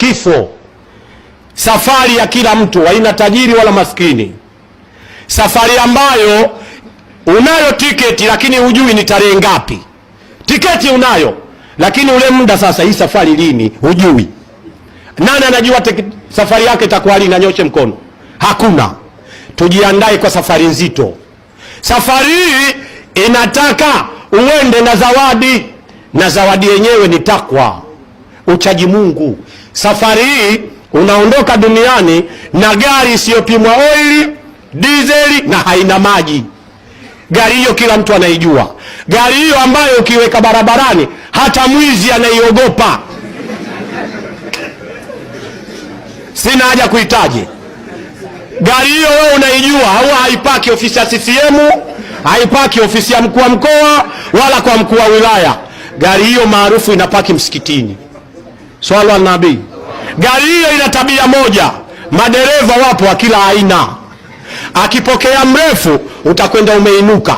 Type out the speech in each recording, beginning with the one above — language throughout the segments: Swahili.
kifo. Safari ya kila mtu haina tajiri wala maskini, safari ambayo unayo tiketi lakini hujui ni tarehe ngapi. Tiketi unayo lakini ule muda sasa, hii safari lini hujui. Nani anajua safari yake itakuwa lini? Anyoshe mkono. Hakuna. Tujiandae kwa safari nzito. Safari hii inataka uende na zawadi, na zawadi yenyewe ni takwa, uchaji Mungu. Safari hii unaondoka duniani na gari isiyopimwa oili, dizeli na haina maji. Gari hiyo kila mtu anaijua, gari hiyo ambayo ukiweka barabarani hata mwizi anaiogopa. Sina haja kuitaje. Gari hiyo wewe unaijua, huwa haipaki ofisi ya CCM, haipaki ofisi ya mkuu wa mkoa wala kwa mkuu wa wilaya. Gari hiyo maarufu inapaki msikitini, swala nabii Gari hiyo ina tabia moja, madereva wapo wa kila aina. Akipokea mrefu utakwenda umeinuka,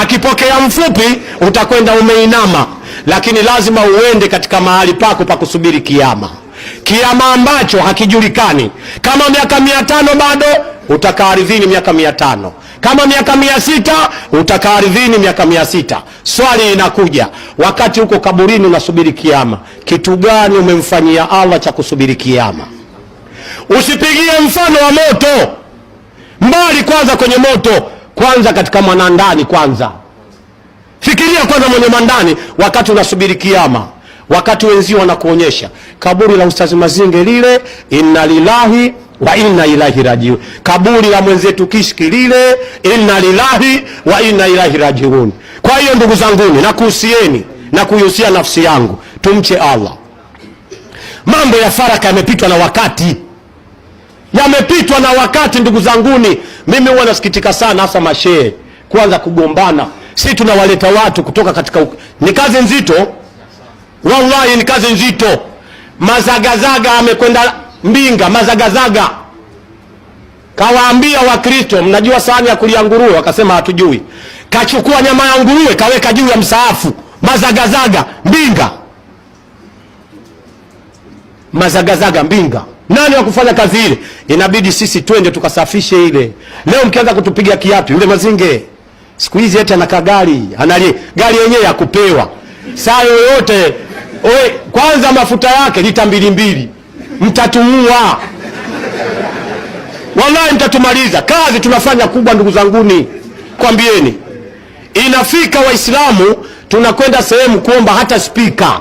akipokea mfupi utakwenda umeinama, lakini lazima uende katika mahali pako pa kusubiri kiama, kiama ambacho hakijulikani kama miaka mia tano bado utakaa ardhini miaka mia tano kama miaka mia sita utakaa ardhini miaka mia sita Swali inakuja wakati huko kaburini unasubiri kiama, kitu gani umemfanyia Allah cha kusubiri kiama? Usipigie mfano wa moto mbali, kwanza kwenye moto kwanza, katika mwanandani kwanza, fikiria kwanza mwenye mwandani wakati unasubiri kiama wakati wenzio wanakuonyesha kaburi la Ustazi Mazinge lile, inna lilahi wa inna ilahi rajiun. Kaburi la mwenzetu kishki lile, inna lillahi wa inna ilahi rajiun. Kwa hiyo ndugu zanguni, nakuhusieni na kuihusia nafsi yangu, tumche Allah. Mambo ya faraka yamepitwa na wakati, yamepitwa na wakati. Ndugu zanguni, mimi huwa nasikitika sana, hasa mashehe kuanza kugombana. Si tunawaleta watu kutoka katika u... ni kazi nzito, wallahi ni kazi nzito. Mazagazaga amekwenda Mbinga mazagazaga, kawaambia Wakristo, mnajua sahani ya kulia nguruwe? Wakasema hatujui. Kachukua nyama ya nguruwe kaweka juu ya msaafu, mazagazaga Mbinga, mazagazaga Mbinga. Nani wa kufanya kazi ile? Inabidi sisi twende tukasafishe ile. Leo mkianza kutupiga kiatu, yule mazinge siku hizi eti anakaa gari anali gari yenyewe ya kupewa saa yoyote. kwanza mafuta yake lita mbili mbili mtatuua, wallahi mtatumaliza. Kazi tunafanya kubwa, ndugu zanguni, kwambieni, inafika Waislamu tunakwenda sehemu kuomba hata spika